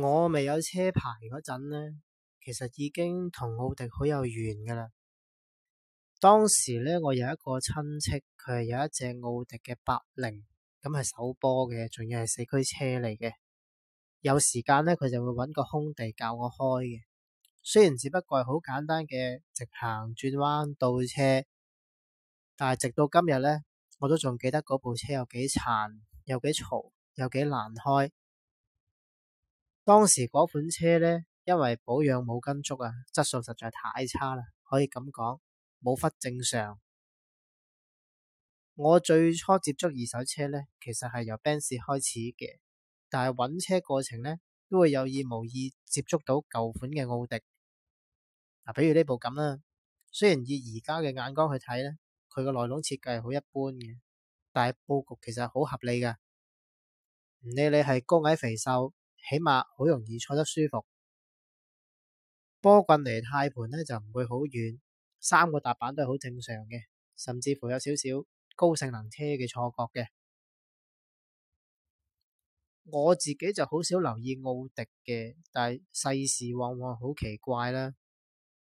我未有車牌嗰陣呢，其實已經同奧迪好有緣㗎喇。當時呢，我有一個親戚，佢係有一隻奧迪嘅八零，咁係首波嘅，仲要係四驅車嚟嘅。有時間呢，佢就會揾個空地教我開嘅。雖然只不過係好簡單嘅直行、轉彎、倒車，但係直到今日呢，我都仲記得嗰部車有幾殘，有幾嘈，有幾難開。當時嗰款車呢，因為保養冇跟足啊，質素實在太差啦，可以咁講冇忽正常。我最初接觸二手車呢，其實係由 Benz 開始嘅，但係揾車過程呢，都會有意無意接觸到舊款嘅奧迪。嗱，比如呢部咁啦，雖然以而家嘅眼光去睇呢，佢個內籠設計係好一般嘅，但係布局其實好合理嘅，唔理你係高矮肥瘦。起碼好容易坐得舒服，波棍離軚盤呢，就唔會好遠，三個踏板都係好正常嘅，甚至乎有少少高性能車嘅錯覺嘅。我自己就好少留意奧迪嘅，但係世事往往好奇怪啦。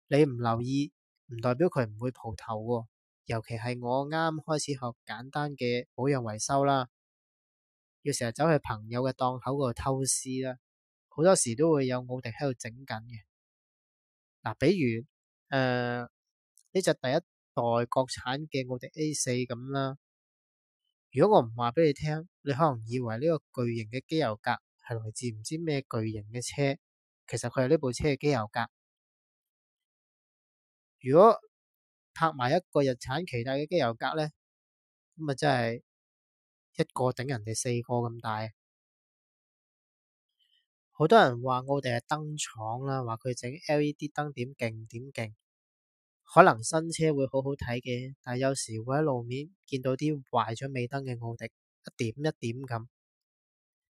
你唔留意唔代表佢唔會蒲頭喎，尤其係我啱開始學簡單嘅保養維修啦。要成日走去朋友嘅檔口度偷師啦，好多時都會有奧迪喺度整緊嘅。嗱，比如誒呢隻第一代國產嘅奧迪 A 四咁啦，如果我唔話俾你聽，你可能以為呢個巨型嘅機油格係來自唔知咩巨型嘅車，其實佢係呢部車嘅機油格。如果拍埋一個日產騏達嘅機油格咧，咁啊真係～一個頂人哋四個咁大，好多人話奧迪係燈廠啦，話佢整 LED 燈點勁點勁，可能新車會好好睇嘅，但係有時會喺路面見到啲壞咗尾燈嘅奧迪，一點一點咁。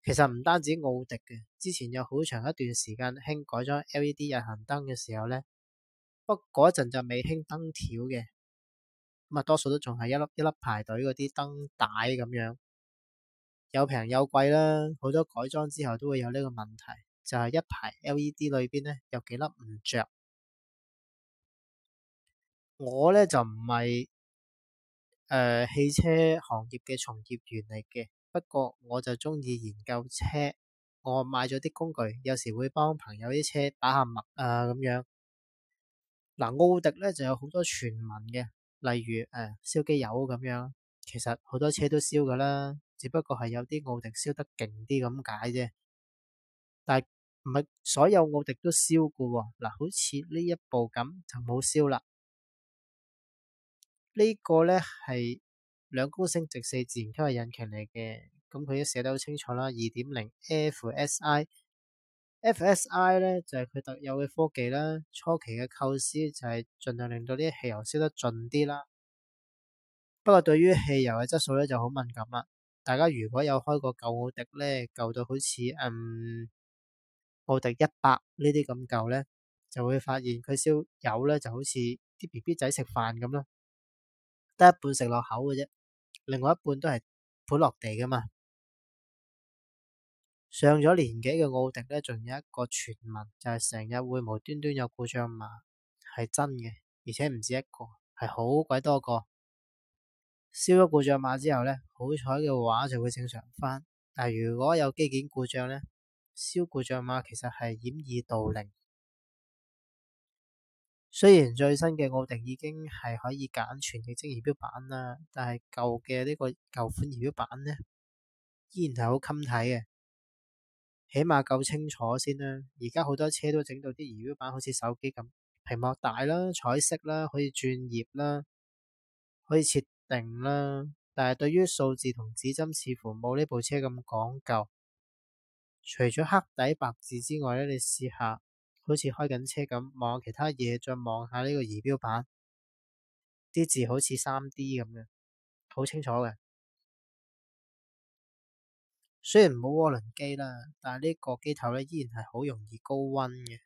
其實唔單止奧迪嘅，之前有好長一段時間興改裝 LED 日行燈嘅時候呢，不過嗰陣就未興燈條嘅，咁啊多數都仲係一粒一粒排隊嗰啲燈帶咁樣。有平有貴啦，好多改裝之後都會有呢個問題，就係、是、一排 LED 裏邊呢有幾粒唔着。我呢就唔係誒汽車行業嘅從業員嚟嘅，不過我就中意研究車，我買咗啲工具，有時會幫朋友啲車打下脈啊咁樣。嗱、呃，奧迪呢就有好多傳聞嘅，例如誒燒機油咁樣，其實好多車都燒噶啦。只不過係有啲奧迪燒得勁啲咁解啫，但係唔係所有奧迪都燒嘅喎。嗱，好似呢一部咁就冇燒啦。呢個咧係兩公升直四自然吸氣引擎嚟嘅，咁佢都寫得好清楚啦。二點零 FSI，FSI 咧就係佢特有嘅科技啦。初期嘅構思就係盡量令到啲汽油燒得盡啲啦。不過對於汽油嘅質素咧就好敏感啦。大家如果有開過舊奧迪咧，舊到好似嗯，奧迪一百呢啲咁舊咧，就會發現佢燒油咧，就好似啲 B B 仔食飯咁咯，得一半食落口嘅啫，另外一半都係本落地噶嘛。上咗年紀嘅奧迪咧，仲有一個傳聞就係成日會無端端有故障碼，係真嘅，而且唔止一個，係好鬼多個。燒咗故障碼之後呢，好彩嘅話就會正常翻。但如果有機件故障呢，燒故障碼其實係掩耳盜鈴。雖然最新嘅奧迪已經係可以揀全嘅液晶儀表板啦，但係舊嘅呢個舊款儀表板呢，依然係好襟睇嘅。起碼夠清楚先啦。而家好多車都整到啲儀表板好似手機咁，屏幕大啦，彩色啦，可以轉頁啦，可以設。定啦，但係對於數字同指針似乎冇呢部車咁講究。除咗黑底白字之外呢，你試下好似開緊車咁望其他嘢，再望下呢個儀表板，啲字好似三 D 咁樣，好清楚嘅。雖然冇渦輪機啦，但係呢個機頭呢，依然係好容易高溫嘅。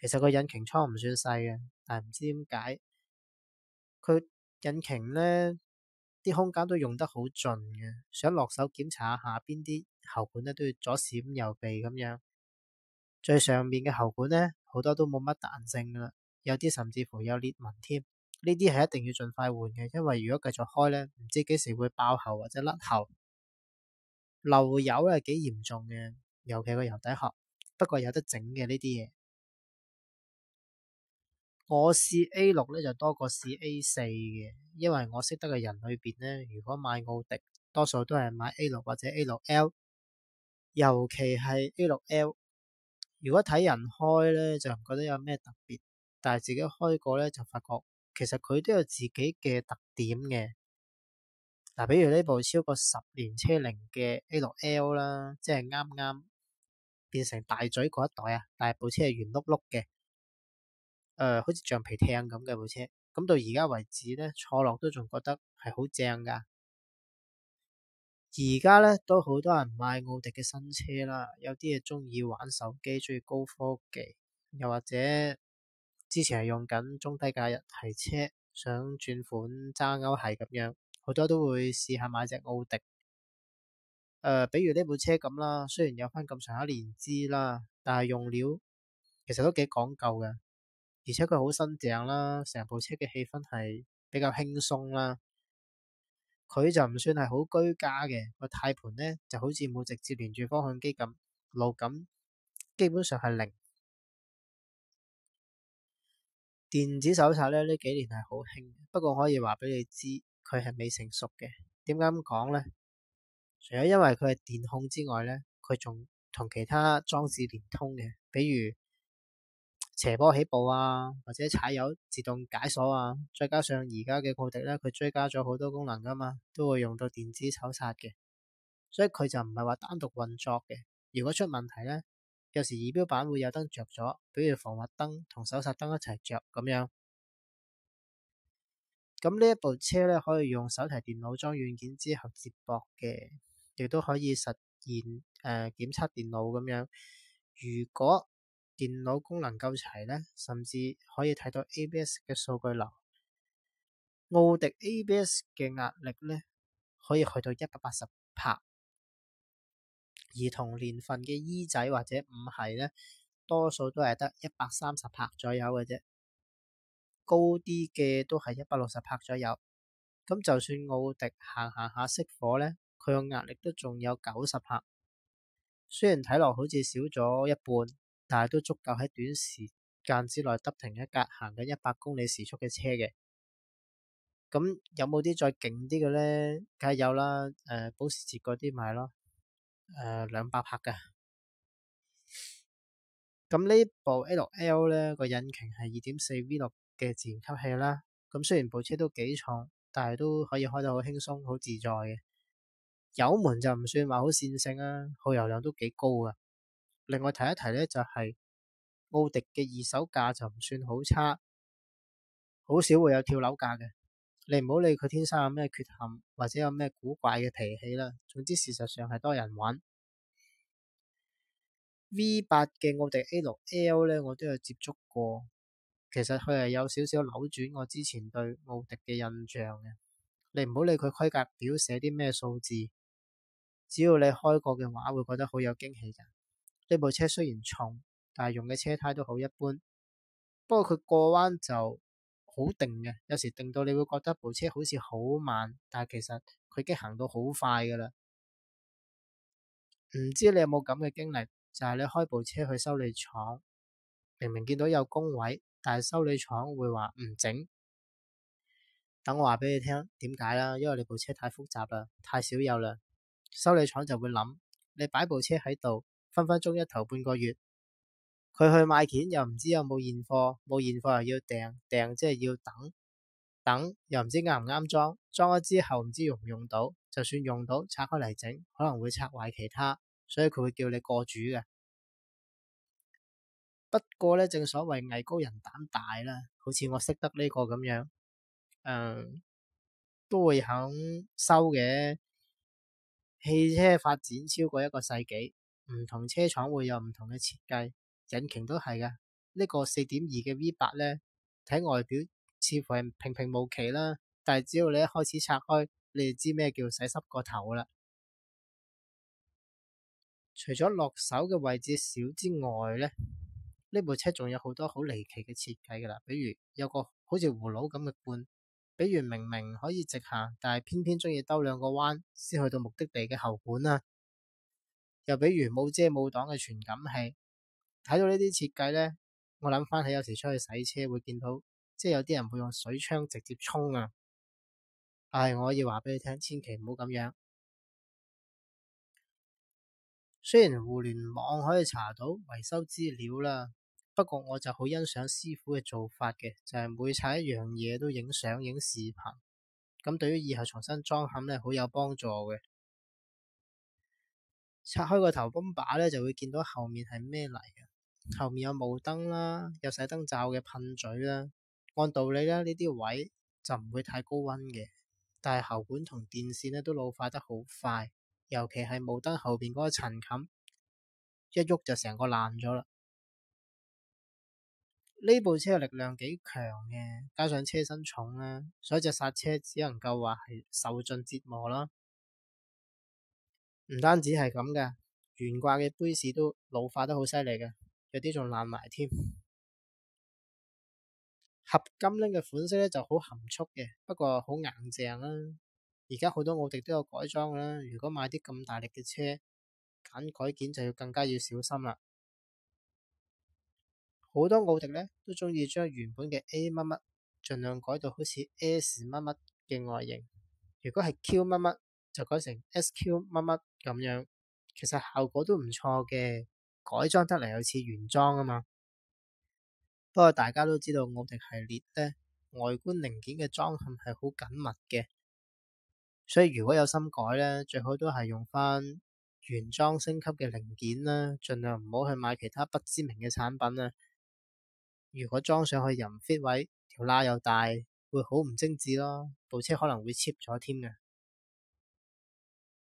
其實個引擎艙唔算細嘅，但係唔知點解佢。引擎呢啲空間都用得好盡嘅，想落手檢查下邊啲喉管呢，都要左閃右避咁樣。最上面嘅喉管呢，好多都冇乜彈性噶啦，有啲甚至乎有裂紋添。呢啲係一定要盡快換嘅，因為如果繼續開呢，唔知幾時會爆喉或者甩喉。漏油係幾嚴重嘅，尤其個油底殼。不過有得整嘅呢啲嘢。我試 A 六咧就多過試 A 四嘅，因為我識得嘅人裏邊咧，如果買奧迪，多數都係買 A 六或者 A 六 L，尤其係 A 六 L。如果睇人開咧，就唔覺得有咩特別，但係自己開過咧，就發覺其實佢都有自己嘅特點嘅。嗱，比如呢部超過十年車齡嘅 A 六 L 啦，即係啱啱變成大嘴嗰一代啊，但係部車係圓碌碌嘅。誒、呃，好似橡皮艇咁嘅部車，咁到而家為止呢，坐落都仲覺得係好正噶。而家呢，都好多人買奧迪嘅新車啦，有啲嘢鍾意玩手機，鍾意高科技，又或者之前係用緊中低價日系車，想轉款揸歐系咁樣，好多都會試下買隻奧迪、呃。比如呢部車咁啦，雖然有翻咁長一年資啦，但係用料其實都幾講究嘅。而且佢好新淨啦，成部車嘅氣氛係比較輕鬆啦。佢就唔算係好居家嘅，個軚盤呢就好似冇直接連住方向機咁，路感基本上係零。電子手掣呢，呢幾年係好興，不過可以話俾你知，佢係未成熟嘅。點解咁講呢？除咗因為佢係電控之外呢，佢仲同其他裝置連通嘅，比如。斜坡起步啊，或者踩油自動解鎖啊，再加上而家嘅奧迪咧，佢追加咗好多功能㗎嘛，都會用到電子手剎嘅，所以佢就唔係話單獨運作嘅。如果出問題咧，有時儀表板會有燈着咗，比如防滑燈同手剎燈一齊着咁樣。咁呢一部車咧，可以用手提電腦裝軟件之後接駁嘅，亦都可以實現誒、呃、檢測電腦咁樣。如果電腦功能夠齊呢，甚至可以睇到 ABS 嘅數據流。奧迪 ABS 嘅壓力呢，可以去到一百八十帕，而同年份嘅 E 仔或者五系呢，多數都係得一百三十帕左右嘅啫，高啲嘅都係一百六十帕左右。咁就算奧迪行行下熄火呢，佢個壓力都仲有九十帕，雖然睇落好似少咗一半。但係都足夠喺短時間之內得停一架行緊一百公里時速嘅車嘅，咁有冇啲再勁啲嘅咧？梗係有啦，誒、呃，保時捷嗰啲咪係咯，誒、呃，兩百匹嘅。咁呢部 L L 咧，個引擎係二點四 V 六嘅自然吸氣啦。咁雖然部車都幾重，但係都可以開到好輕鬆、好自在嘅。油門就唔算話好線性啊，耗油量都幾高噶。另外提一提呢，就係奧迪嘅二手價就唔算好差，好少會有跳樓價嘅。你唔好理佢天生有咩缺陷或者有咩古怪嘅脾氣啦。總之事實上係多人玩 V 八嘅奧迪 A 六 L 呢，我都有接觸過。其實佢係有少少扭轉我之前對奧迪嘅印象嘅。你唔好理佢規格表寫啲咩數字，只要你開過嘅話，會覺得好有驚喜㗎。呢部車雖然重，但係用嘅車胎都好一般。不過佢過彎就好定嘅，有時定到你會覺得部車好似好慢，但係其實佢已經行到好快㗎啦。唔知你有冇咁嘅經歷？就係你開部車去修理廠，明明見到有工位，但係修理廠會話唔整。等我話俾你聽點解啦。因為你部車太複雜啦，太少有啦。修理廠就會諗，你擺部車喺度。分分鐘一頭半個月，佢去買件又唔知有冇現貨，冇現貨又要訂訂，即係要等等又正正，又唔知啱唔啱裝，裝咗之後唔知用唔用到，就算用到拆開嚟整，可能會拆壞其他，所以佢會叫你過主嘅。不過呢，正所謂藝高人膽大啦，好似我識得呢個咁樣、嗯，都會肯收嘅。汽車發展超過一個世紀。唔同車廠會有唔同嘅設計，引擎都係嘅。呢個4.2嘅 V8 呢，睇外表似乎係平平無奇啦，但係只要你一開始拆開，你就知咩叫洗濕個頭啦。除咗落手嘅位置少之外咧，呢部車仲有好多好離奇嘅設計噶啦，比如有個好似葫蘆咁嘅罐，比如明明可以直行，但係偏偏鍾意兜兩個彎先去到目的地嘅喉管啊。又比如冇遮冇擋嘅傳感器，睇到呢啲設計呢，我諗翻起有時出去洗車會見到，即係有啲人會用水槍直接沖啊，唉，我可以話俾你聽，千祈唔好咁樣。雖然互聯網可以查到維修資料啦，不過我就好欣賞師傅嘅做法嘅，就係、是、每拆一樣嘢都影相影視頻，咁對於以後重新裝嵌呢，好有幫助嘅。拆開個頭泵把咧，就會見到後面係咩嚟嘅。後面有霧燈啦，有洗燈罩嘅噴嘴啦。按道理咧，呢啲位就唔會太高溫嘅。但係喉管同電線呢，都老化得好快，尤其係霧燈後邊嗰個塵冚，一喐就成個爛咗啦。呢部車嘅力量幾強嘅，加上車身重啦，所以隻剎車只能夠話係受盡折磨啦。唔單止係咁嘅，懸掛嘅杯士都老化得好犀利嘅，有啲仲爛埋添。合金拎嘅款式咧就好含蓄嘅，不過好硬淨啦。而家好多奧迪都有改裝啦，如果買啲咁大力嘅車，揀改件就要更加要小心啦。好多奧迪咧都鍾意將原本嘅 A 乜乜盡量改到好似 S 乜乜嘅外形，如果係 Q 乜乜，就改成 SQ 乜乜咁樣，其實效果都唔錯嘅，改裝得嚟又似原裝啊嘛。不過大家都知道奧迪系列咧，外觀零件嘅裝嵌係好緊密嘅，所以如果有心改咧，最好都係用翻原裝升級嘅零件啦，盡量唔好去買其他不知名嘅產品啊。如果裝上去又唔 fit 位，條罅又大，會好唔精致咯，部車可能會 cheap 咗添嘅。